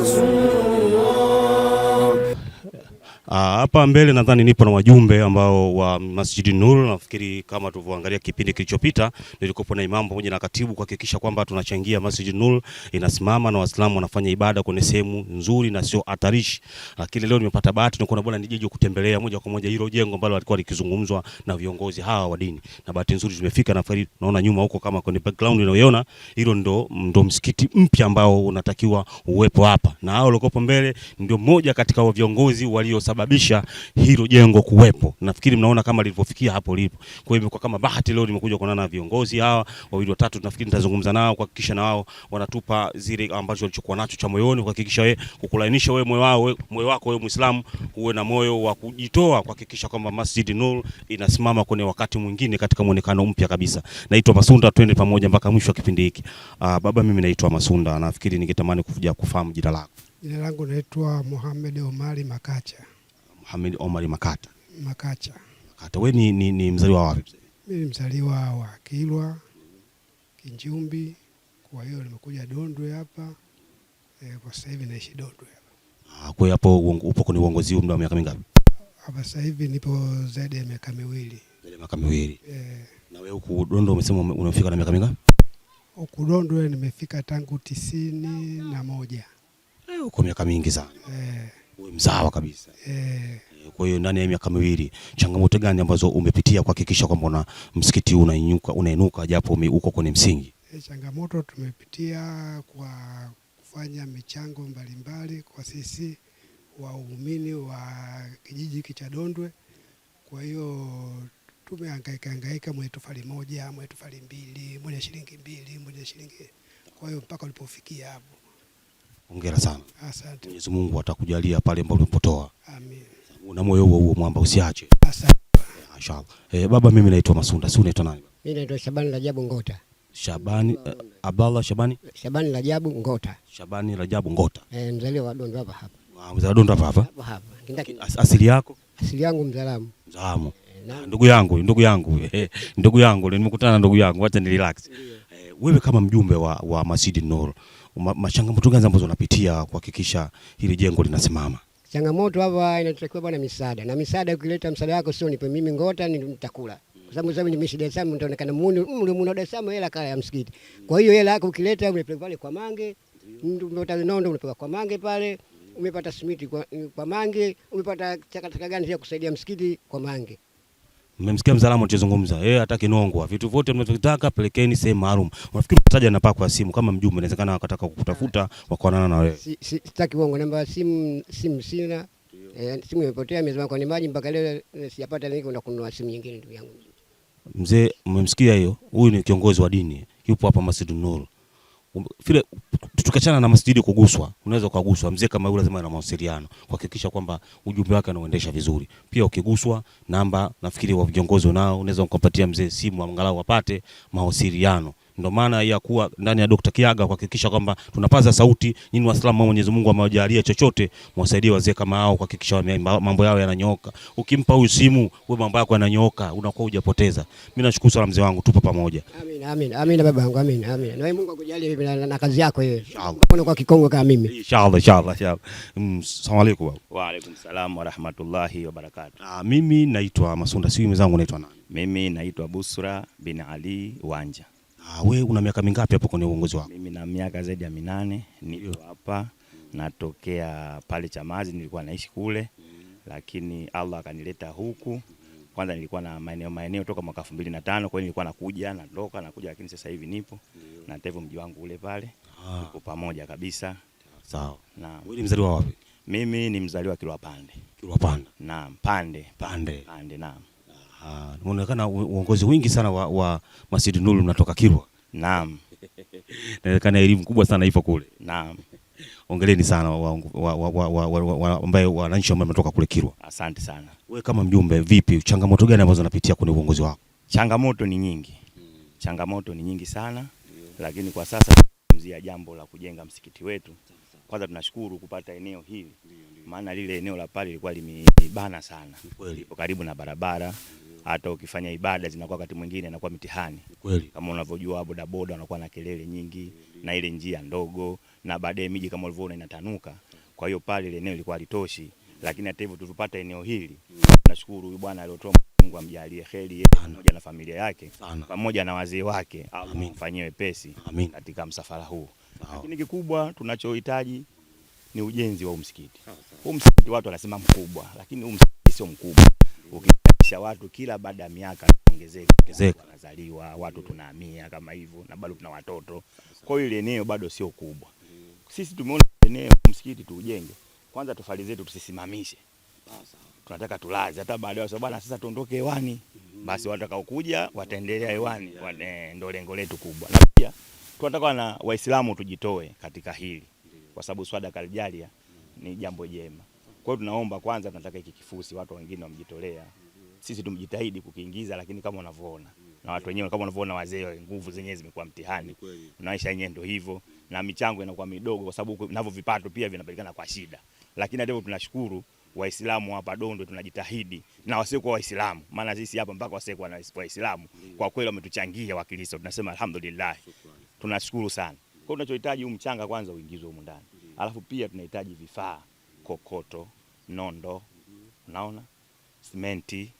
arzu Ah, hapa mbele nadhani nipo na wajumbe ambao wa Masjidi Nur, nafikiri kama tulivyoangalia kipindi kilichopita, nilikuwa na imamu pamoja na katibu kuhakikisha kwamba tunachangia Masjidi Nur inasimama na Waislamu wanafanya ibada kwenye sehemu nzuri na sio hatarishi. Lakini leo nimepata bahati, nilikuwa na bwana nijeje kutembelea moja kwa moja hilo jengo ambalo walikuwa likizungumzwa na viongozi hawa wa dini, na bahati nzuri tumefika, na nafikiri naona nyuma huko kama kwenye background unayoiona, hilo ndo ndo msikiti mpya ambao unatakiwa uwepo hapa, na hao walioko mbele ndio mmoja katika viongozi walio kusababisha hilo jengo kuwepo. Nafikiri mnaona kama lilivyofikia hapo lipo. Kwa hiyo imekuwa kama bahati leo nimekuja kuonana na viongozi hawa wawili watatu, nafikiri nitazungumza nao kuhakikisha na wao wanatupa zile ambazo walichokuwa nacho cha moyoni, kuhakikisha wewe kukulainisha wewe moyo wao moyo wako wewe Muislamu uwe na moyo wa kujitoa kuhakikisha kwamba Masjid Nur inasimama kwenye wakati mwingine katika muonekano mpya kabisa. Naitwa Masunda, twende pamoja mpaka mwisho wa kipindi hiki. Uh, baba mimi naitwa Masunda, nafikiri ningetamani kufuja kufahamu jina lako. Jina langu naitwa Mohamed Omari Makacha. Hamid Omari Makata. Makacha. Makata. Wewe ni, ni, ni mzaliwa wapi? Mimi mzaliwa wa Kilwa Kinjumbi, kwa hiyo nimekuja Dondwe hapa e, kwa sasa hivi naishi Dondwe hapa. Ah, kwa hiyo hapo upo kwenye uongozi huu muda wa miaka mingapi? Hapa sasa hivi nipo zaidi ya miaka miwili. Zaidi ya miaka miwili. Eh. Na wewe huku Dondwe umesema unafika na miaka mingapi? Huku Dondwe nimefika tangu tisini na moja. Eh, uko miaka mingi sana. Eh uwe mzawa kabisa eh. eh. Kwa hiyo ndani ya miaka miwili, changamoto gani ambazo umepitia kuhakikisha kwamba una msikiti unainuka unainuka japo uko kwenye msingi? E, changamoto tumepitia kwa kufanya michango mbalimbali kwa sisi waumini wa kijiji hiki cha Dondwe. Kwa hiyo tumehangaika hangaika, mwenye tofali moja, mwenye tofali mbili, mwenye shilingi mbili, mwenye shilingi, kwa hiyo mpaka ulipofikia hapo Hongera sana. Asante. Mwenyezi Mungu atakujalia pale ambapo umepotoa. Amen. Una moyo huo huo mwamba usiache. Asante. Inshallah. Eh, eh, baba mimi naitwa Masunda, si unaitwa nani? Mimi naitwa Shabani Rajabu Ngota. Shabani uh, Abdallah Shabani? Shabani Rajabu Ngota. Shabani Rajabu Ngota. Eh, mzaliwa wa Dondo hapa hapa. Ah, mzaliwa Dondo hapa hapa. Hapa hapa. Kindaki. asili yako? Asili yangu Mzalamu. Mzalamu. Eh, ah, ndugu yangu, ndugu yangu. Eh, ndugu yangu, nimekutana na ndugu yangu, acha ni relax. Eh, wewe kama mjumbe wa wa Masjid Nur machangamoto gani ambazo unapitia kuhakikisha hili jengo linasimama? Changamoto hapa inatakiwa bwana misaada, na misaada ukileta msaada wako sio nipe mimi ngota nitakula kwa sababu sasa nimeishi Dar es Salaam, nitaonekana muni mle muna Dar es Salaam hela kala ya msikiti. Kwa hiyo hela yako ukileta umepewa pale kwa Mange, ndio nondo unapewa kwa Mange pale, umepata simiti kwa, kwa Mange, umepata chakataka gani ya kusaidia msikiti kwa Mange. Mmemsikia mzalamu anachozungumza. Yeye hataki nongwa. Vitu vyote mnavyotaka pelekeni sehemu maalum. Unafikiri mtaja na pako ya simu kama mjumbe inawezekana wakataka kukutafuta wakaonana na wewe. Sitaki uongo namba ya simu simu sina. Eh, simu imepotea imezama kwenye maji mpaka leo sijapata nini kwenda kununua simu nyingine ndugu yangu. Mzee mmemsikia hiyo? Huyu ni kiongozi wa dini. Yupo hapa Masjid Nur vile tukachana na masjidi kuguswa, unaweza ukaguswa. Mzee kama yule lazima na mawasiliano kuhakikisha kwamba ujumbe wake anauendesha vizuri. Pia ukiguswa, namba nafikiri wa viongozi nao unaweza kumpatia mzee simu, angalau apate mawasiliano. Ndio maana ya kuwa ndani ya Dr. Kiaga kuhakikisha kwamba tunapaza sauti, nyinyi Waislamu wa Mwenyezi Mungu amewajalia chochote, mwasaidie wazee kama hao kuhakikisha mambo yao yananyooka. Ukimpa huyu simu, wewe mambo yako yananyooka, unakuwa hujapoteza. Mimi nashukuru sana mzee wangu, tupo pamoja. Amin, amin, amin baba yangu, amin, amin. Na Mungu akujalie na na kazi yako hiyo. Inshallah. Kwa kikongo kama mimi. Inshallah, inshallah, inshallah. Mm, Assalamu alaykum baba. Wa alaykum salaam wa rahmatullahi wa barakatuh. Ah, mimi naitwa Masunda, si mwenzangu naitwa nani? Mimi naitwa Busra bin Ali Wanja. Ah, we una miaka mingapi hapo kwenye uongozi wako? Mimi na miaka zaidi ya minane niko hapa natokea pale Chamazi, nilikuwa naishi kule lakini Allah akanileta huku. Kwanza nilikuwa na maeneo maeneo toka mwaka 2005 kwa hiyo nilikuwa nakuja natoka nakuja, lakini sasa hivi nipo na tevu mji wangu ule pale ah. uko pamoja kabisa. Sawa. Na wewe ni mzaliwa wapi? Mimi ni mzaliwa Kilwa Pande. Kilwa Pande. Naam, Pande. Pande. Pande, naam. Ah, unaonekana uongozi wingi sana wa, wa Masjid Nur mnatoka Kilwa. Naam. Inaonekana elimu kubwa sana ipo kule. Naam. Ongeleni sana wananchi wa, wa, wa, ambao wametoka kule Kilwa. Asante sana. Wewe kama mjumbe, vipi changamoto gani ambazo unapitia kwenye uongozi wako? Changamoto ni nyingi. Hmm. Changamoto ni nyingi sana hmm. Lakini kwa sasa tunazungumzia jambo la kujenga msikiti wetu. Kwanza tunashukuru kupata eneo hili, maana lile eneo la pale lilikuwa limebana sana, lipo karibu na barabara hata ukifanya ibada zinakuwa wakati mwingine inakuwa mitihani kweli. Kama unavyojua bodaboda wanakuwa na kelele nyingi na ile njia ndogo, na baadaye miji kama ulivyoona inatanuka. Kwa hiyo pale ile eneo lilikuwa litoshi, lakini hata hivyo tulipata eneo hili. Nashukuru huyu bwana aliyotoa, Mungu amjalie heri yeye pamoja na familia yake pamoja na wazee wake, amfanyie wepesi katika msafara huu. Lakini kikubwa tunachohitaji ni ujenzi wa msikiti huu. Msikiti watu wanasema mkubwa, lakini huu msikiti sio mkubwa maisha watu kila baada ya miaka ongezeka, wanazaliwa watu, tunahamia kama hivyo, na bado tuna watoto. Kwa hiyo ile eneo bado sio kubwa. Sisi tumeona eneo msikiti tuujenge kwanza, tofali zetu tusisimamishe, tunataka tulaze, hata baadaye sababu bwana, sasa tuondoke hewani, basi watakao kuja wataendelea hewani, ndio lengo letu kubwa. Na pia tunataka na Waislamu tujitoe katika hili, kwa sababu swada kalijalia ni jambo jema. Kwa hiyo tunaomba kwanza, tunataka hiki kifusi watu wengine wamjitolea sisi tumejitahidi kukiingiza, lakini kama unavyoona mm, na watu wenyewe kama unavyoona wazee, nguvu zenyewe zimekuwa mtihani, maisha yenyewe ndio hivyo, na michango inakuwa midogo, kwa sababu navyo vipato pia vinapatikana kwa shida, lakini hata hivyo tunashukuru Waislamu hapa Dondwe tunajitahidi na kwa Waislamu, maana sisi hapa mpaka wasiokuwa kwa Waislamu kwa kweli wametuchangia Wakristo, tunasema alhamdulillah, tunashukuru sana. Kwa hiyo tunachohitaji huu mchanga kwanza uingizwe humu ndani, alafu pia tunahitaji vifaa, kokoto, nondo, mm-hmm. unaona simenti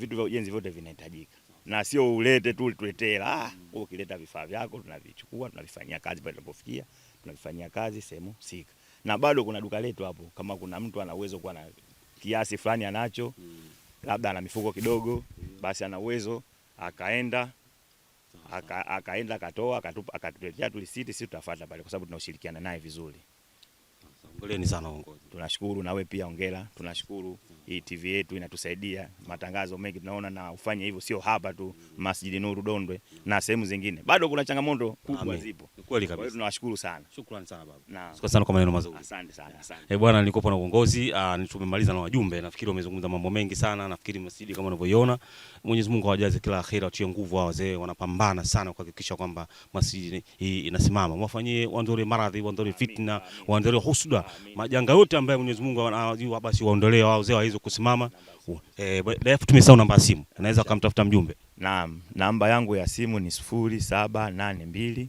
vitu vya ujenzi vyote vinahitajika na sio ulete tu utuletee. Ah, mm. ukileta vifaa vyako tunavichukua tunavifanyia kazi pale tunapofikia, tunavifanyia kazi sehemu sika, Na bado kuna duka letu hapo, kama kuna mtu ana uwezo kuwa na kiasi fulani anacho, mm. labda ana mifuko kidogo, mm. basi ana uwezo akaenda akaenda akatoa akatuletea tu risiti, sisi tutafuata pale, kwa sababu tunaushirikiana naye vizuri. Poleni sana uongozi. Tunashukuru na wewe pia ongera Tunashukuru hii TV yetu inatusaidia matangazo mengi tunaona, na ufanye hivyo sio hapa tu Masjid Nuru Dondwe na sehemu zingine, bado kuna changamoto kubwa zipo. Kweli kabisa. Kwa hiyo Tunawashukuru sana. Shukrani sana baba. Naam. Shukrani sana kwa maneno mazuri. Asante sana. Asante. Eh, bwana nilikuwa na uongozi, ah, tumemaliza na wajumbe. Nafikiri wamezungumza mambo mengi sana. Nafikiri msidi kama unavyoiona. Mwenyezi Mungu awajaze kila khair, atie nguvu hao wazee, wanapambana sana kuhakikisha kwamba masjidi hii inasimama. Mwafanyie waondolee maradhi, waondolee fitna, waondolee husuda, majanga yote ambayo Mwenyezi Mungu anajua, basi waondolee wao wazee waweze kusimama. Eh, tumesahau namba ya simu. Unaweza kumtafuta mjumbe. Naam, namba yangu ya simu ni 0782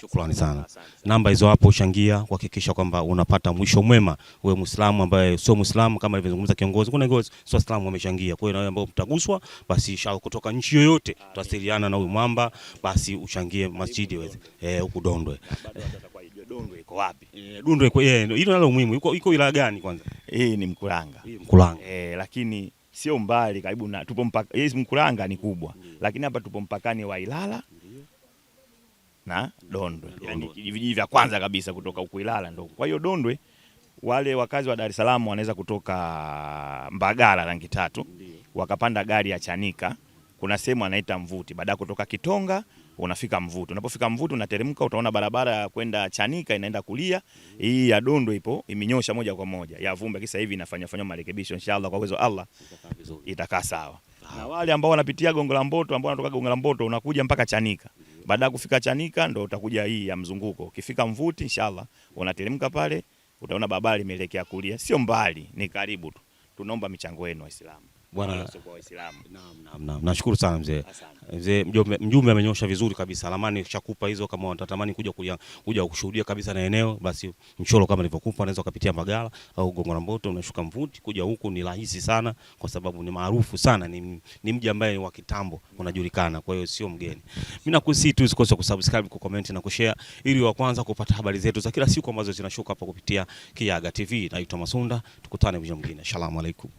Shukrani sana. Namba hizo hapo, changia kuhakikisha kwamba unapata mwisho mwema, wewe Muislamu ambaye sio Muislamu, kama ilivyozungumza kiongozi. Kuna kiongozi sio Muislamu amechangia. Kwa hiyo na wewe ambao mtaguswa, basi shau kutoka nchi yoyote, tuwasiliana na huyu mwamba, basi uchangie masjidi wewe eh, huku Dondwe. Dondwe eh, iko wapi? Dondwe iko eh, hilo nalo muhimu. Iko iko wilaya gani kwanza? Hii ni Mkuranga. Mkuranga. Eh, lakini sio mbali, karibu na tupo mpaka. Yes, Mkuranga ni kubwa, mm. lakini hapa tupo mpakani wa Ilala na Dondwe, yani vijiji vya kwanza kabisa kutoka huko Ilala ndo. Kwa hiyo Dondwe wale wakazi wa Dar es Salaam wanaweza kutoka Mbagala rangi tatu wakapanda gari ya Chanika, kuna sehemu anaita Mvuti, baada ya kutoka Kitonga unafika Mvuti. Unapofika Mvuti unateremka, utaona barabara ya kwenda Chanika inaenda kulia, hii ya Dondwe ipo imenyosha moja kwa moja ya Vumbi, kisa hivi inafanya fanya marekebisho, inshallah kwa uwezo Allah itakaa sawa. Na wale ambao wanapitia Gongo la Mboto, ambao wanatoka Gongo la Mboto unakuja mpaka Chanika baada ya kufika Chanika ndo utakuja hii ya mzunguko. Ukifika Mvuti inshallah unateremka pale utaona barabara imeelekea kulia, sio mbali, ni karibu tu. Tunaomba michango yenu Waislamu bwana. Nashukuru sana mzee mzee, mjumbe mjumbe amenyosha vizuri kabisa, ramani shakupa hizo. Kama unatamani kuja kuja, kuja kushuhudia kabisa na eneo, basi mchoro kama nilivyokupa, unaweza kupitia magala au Gongo la Mboto, unashuka Mvuti kuja huku ni rahisi sana, kwa sababu ni maarufu sana, ni, ni mji ambaye wa kitambo unajulikana, kwa hiyo sio mgeni. Mimi nakusii tu usikose kusubscribe, comment na kushare, ili wa kwanza kupata habari zetu za kila siku ambazo zinashuka hapa kupitia Kiyaga TV. Naitwa Masunda, tukutane wiki mwingine. Asalamu alaikum